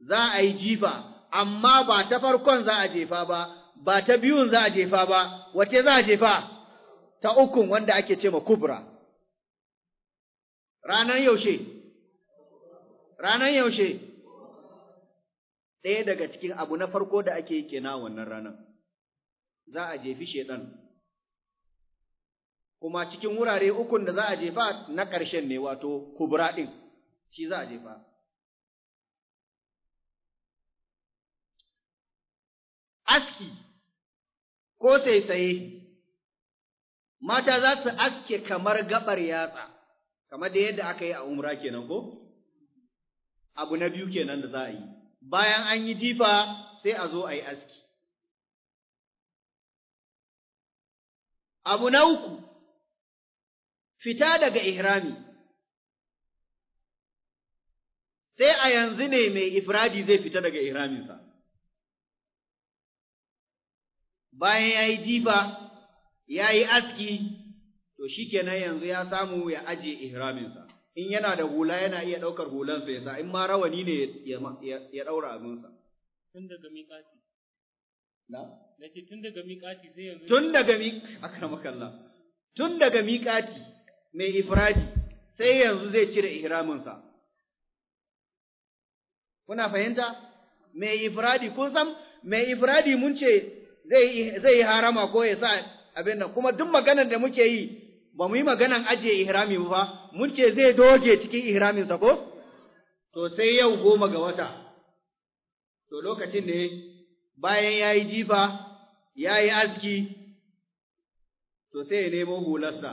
za a yi jifa, amma ba ta farkon za a jefa ba, ba ta biyun za a jefa ba, wace za a jefa? Ta ukun wanda ake ce ma kubra. Ranar yaushe, ranar yaushe, ɗaya daga cikin abu na farko da ake yi kenan wannan ranar, za a jefi shaiɗan. Kuma cikin wurare ukun da za a jefa na ƙarshen ne wato kubra ɗin, shi za a jefa. aski ko sai-sai, mata za su aske kamar gabar yatsa, kamar da yadda aka yi a umra kenan ko? Abu na biyu kenan da za a yi, bayan an yi jifa sai a zo a yi aski. Abu na uku, fita daga ihrami, sai a yanzu ne mai ifradi zai fita daga ihraminsa. bayan ya yi jifa ya yi aski to kenan yanzu ya samu ya aje ihraminsa in yana da hula yana iya ɗaukar hulansa ya sa in ma rawani ne ya ɗaura abinsa tun daga miƙati na ce tun daga miƙati zai yanzu tun daga miƙati akramakallah tun daga miƙati mai ifradi sai yanzu zai cire ihraminsa kuna fahimta mai ifradi kun san mai ifradi mun ce zai yi harama ko ya sa abin nan kuma duk maganar da muke yi ba mu yi maganar ajiye ihrami ba mun ce zai doge cikin ihraminsa ko to sai yau goma ga wata to lokacin ne bayan ya yi jifa ya yi aski to sai ya nemo hularsa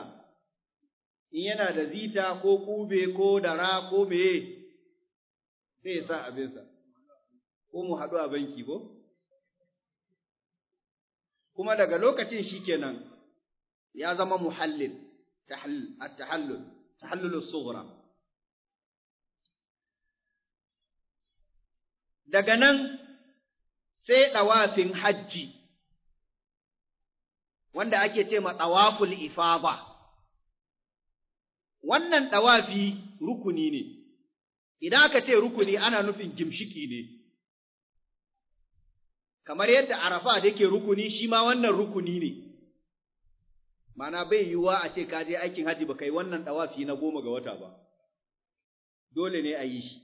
in yana da zita ko kube ko dara ko meye sai ya sa abinsa ko mu haɗu a banki ko kuma daga lokacin shi kenan, ya zama muhallil at-tahallul tahallulus sughra daga nan sai ɗawafin hajji wanda ake ce ma ɗawaful ifaba wannan ɗawafi rukuni ne idan aka ce rukuni ana nufin gimshiki ne kamar yadda arafa da yake rukuni shi ma wannan rukuni ne mana bai yiwuwa a ce ka je aikin haji ba kai wannan dawafi na goma ga wata ba dole ne a yi shi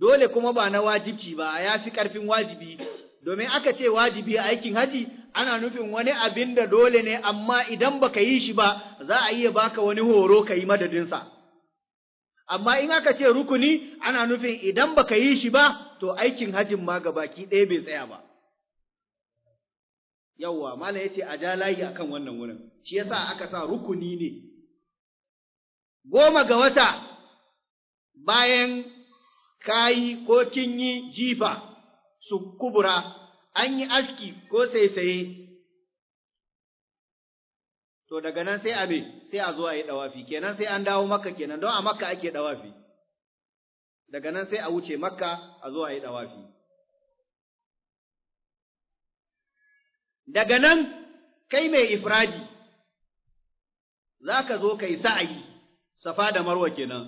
dole kuma ba na wajibci ba ya fi karfin wajibi domin aka ce wajibi a aikin haji ana nufin wani abin da dole ne amma idan ba ka yi shi ba za a iya baka wani horo ka yi madadinsa amma in aka ce rukuni ana nufin idan ba ka yi shi ba to aikin hajin ma gabaki ɗaya bai tsaya ba yawwa mala yace a ja layi akan wannan wurin shi yasa aka sa rukuni ne goma ga wata bayan kayi ko kin yi jifa su kubura an yi aski ko saisaye to daga nan sai abe sai a zo a yi dawafi kenan sai an dawo makka kenan don a makka ake dawafi daga nan sai a wuce makka a zo a yi dawafi daga nan kai mai ifradi za ka zo kai sa'ayi, safa da marwa kenan,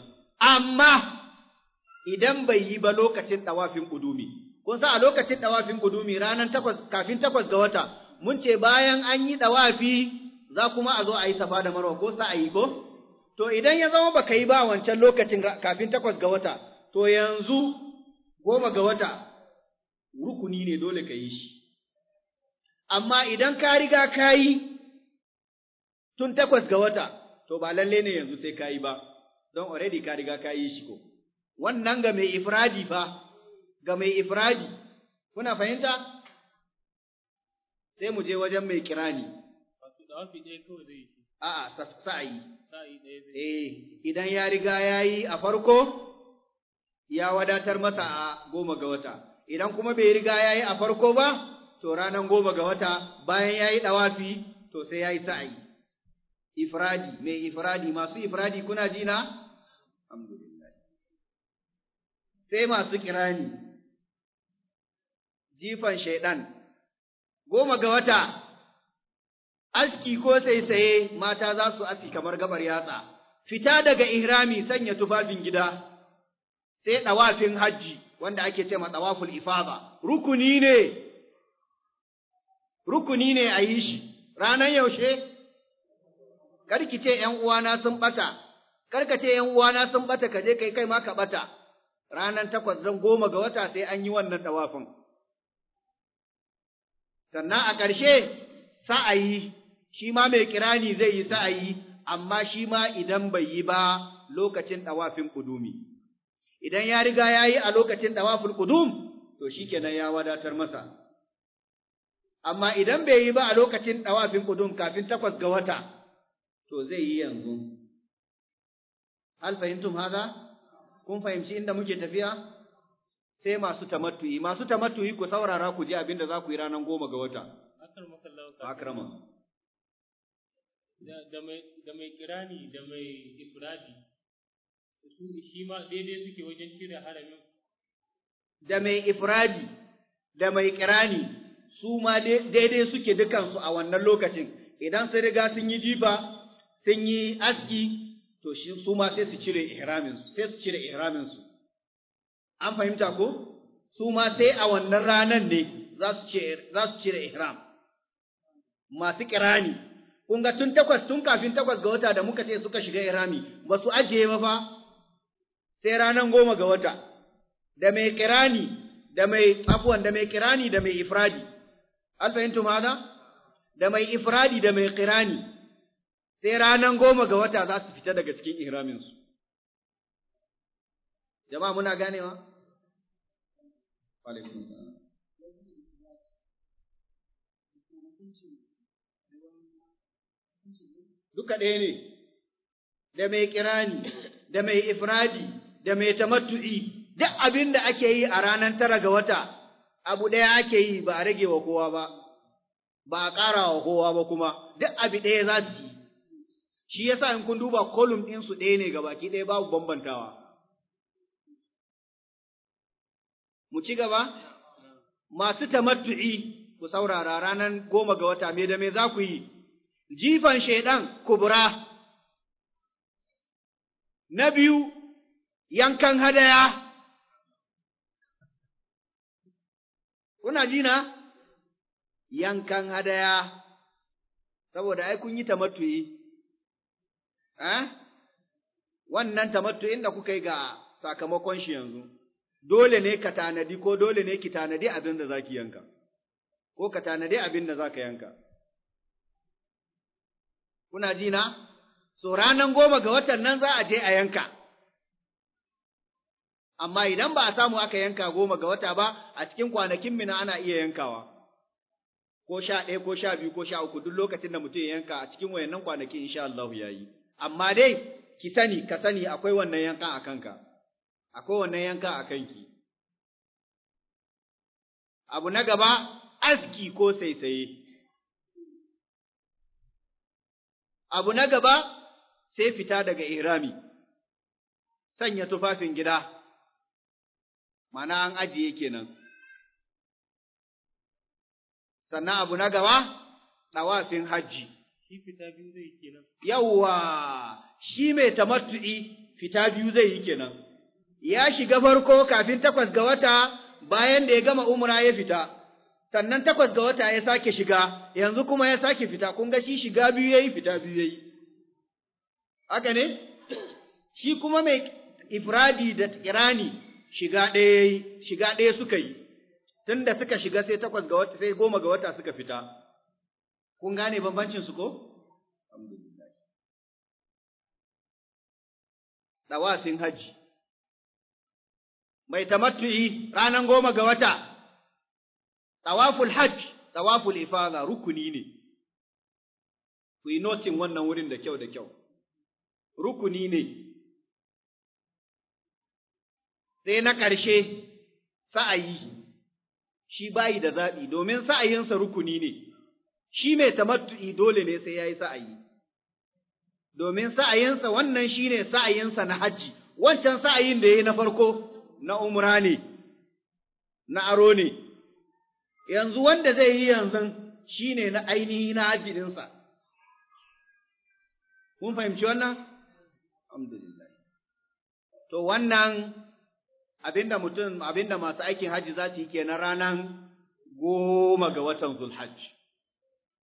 amma idan bai yi ba lokacin ɗawafin ƙudumi, kun sa a lokacin ɗawafin ƙudumi ranar takwas, kafin takwas ga wata, mun ce bayan an yi ɗawafi za kuma a zo a yi safa da marwa ko sa'ayi ko? To idan ya zama baka yi ba wancan lokacin kafin takwas ga wata, to yanzu goma ga wata rukuni ne dole ka yi shi. amma idan ka riga ka yi tun takwas ga wata, to ba lalle ne yanzu sai ka yi ba, don already ka riga ka yi shi ko. Wannan ga mai ifradi fa, ga mai ifradi, kuna fahimta? Sai mu je wajen mai kirani. A'a, sa'ayi. Eh, idan ya riga ya yi a farko, ya wadatar masa a goma ga wata, idan kuma bai riga ya yi a farko ba, to ranan goma ga wata bayan ya yi ɗawafi to sai ya yi sa’i, Ifradi, mai ifradi, masu ifradi kuna jina? Alhamdulillah. Sai masu kirani, jifan shaiɗan, goma ga wata, aski ko saisaye mata za su aski kamar gabar yatsa, fita daga ihrami sanya tufafin gida, sai ɗawafin hajji wanda ake ce ma ɗawaful ifaba, rukuni ne. rukuni ne a yi shi, ranar yaushe, karkice ce ’yan uwana sun ɓata, karkace ce ’yan uwana sun ɓata ka je kai kai maka ka ɓata, ranar takwas zan goma ga wata sai an yi wannan ɗawafin Sannan a ƙarshe sa'ayi, shi ma mai kirani zai yi sa'ayi, amma shi ma idan bai yi ba lokacin ɗawafin ƙudumi. Idan ya riga ya yi a lokacin ɗawafin ƙudum, to shi kenan ya wadatar masa. amma idan bai yi ba a lokacin ɗawafin ƙudun kafin takwas ga wata, to zai yi yanzu. Hal fahimtum haza? Kun fahimci inda muke tafiya? Sai masu tamattu'i, masu tamattu'i ku saurara ku ji abin da za ku yi ranar goma ga wata. Akrama. Da mai kirani da mai ifradi, shi ma daidai suke wajen cire haramin. Da mai ifradi, da mai kirani, su ma daidai suke dukansu a wannan lokacin idan sun riga sun yi jifa sun yi aski to shi su ma sai su cire ihraminsu sai su cire ihraminsu an fahimta ko su ma sai a wannan ranar ne za su cire ihram masu kirani kun ga tun takwas tun kafin takwas ga wata da muka ce suka shiga ihrami ba su ajiye ba fa sai ranar goma ga wata da mai kirani da mai tsafuwan. da mai kirani da mai ifradi an fahimtu ma'ana da mai ifradi da mai qirani sai ranan goma ga wata za su fita daga cikin ihramin su jama'a muna ganewa duka ɗaya ne da mai kirani da mai ifradi da mai tamattu'i duk abin da ake yi a ranar tara ga wata abu ɗaya ake yi ba a rage wa kowa ba, ba a ƙara wa kowa ba kuma, duk abu ɗaya za su yi. Shi ya sa in kun duba kolum ɗinsu ɗaya ne ga baki ɗaya babu bambantawa. Mu ci gaba, masu tamattu'i ku saurara ranar goma ga wata me da me za ku yi, jifan shaiɗan kubura. Na biyu, yankan hadaya. kuna jina yankan hadaya, saboda ai kun yi tamattu'i, eh? wannan tamattu'in da kuka yi ga sakamakon shi yanzu, dole ne ka tanadi ko dole ne ki tanadi abin da za ki yanka, ko ka tanadi abin da za ka yanka. Kuna jina? So ranan goma ga watan nan za a je a yanka. amma idan ba a samu aka yanka goma ga wata ba a cikin kwanakin mina ana iya yankawa ko sha ɗaya ko sha biyu ko sha uku duk lokacin da mutum ya yanka a cikin wayannan kwanaki insha Allah ya yi amma dai ki sani ka sani akwai wannan yanka a kanka akwai wannan yanka a kanki abu na gaba aski ko saisaye abu na gaba sai fita daga irami sanya tufafin gida mana an ajiye kenan. Sannan abu na gaba, ɗawafin hajji. Shi fita biyu zai yi kenan. Yawwa, shi mai tamattu'i fita biyu zai yi kenan. Ya shiga farko kafin takwas ga wata bayan da ya gama umra ya fita, sannan takwas ga wata ya sake shiga, yanzu kuma ya sake fita, kun ga shi shiga biyu ya yi fita biyu ya yi. Haka ne? Shi kuma mai ifradi da kirani. shiga ɗaya shiga ɗaya suka yi, tun da suka shiga sai takwas ga wata sai goma ga wata suka fita. Kun gane bambancin su ko? Dawasin Ɗawasin haji. Mai tamattu'i ranar goma ga wata, tawaful hajj, tawaful ifada rukuni ne. Ku yi notin wannan wurin da kyau da kyau. Rukuni ne. sai na ƙarshe sa'ayi, shi bayi da zaɓi, domin sa'ayinsa rukuni ne, shi mai tamattu'i dole ne sai ya yi sa'ayi, domin sa'ayinsa wannan shi ne sa'ayinsa na hajji, wancan sa'ayin da ya yi na farko na umra ne, na aro ne, yanzu wanda zai yi yanzu shi ne na ainihi na hajji ɗinsa. Kun fahimci wannan? To wannan abinda mutum abinda masu aikin hajji za su yi kenan ranan goma ga watan Zulhaj.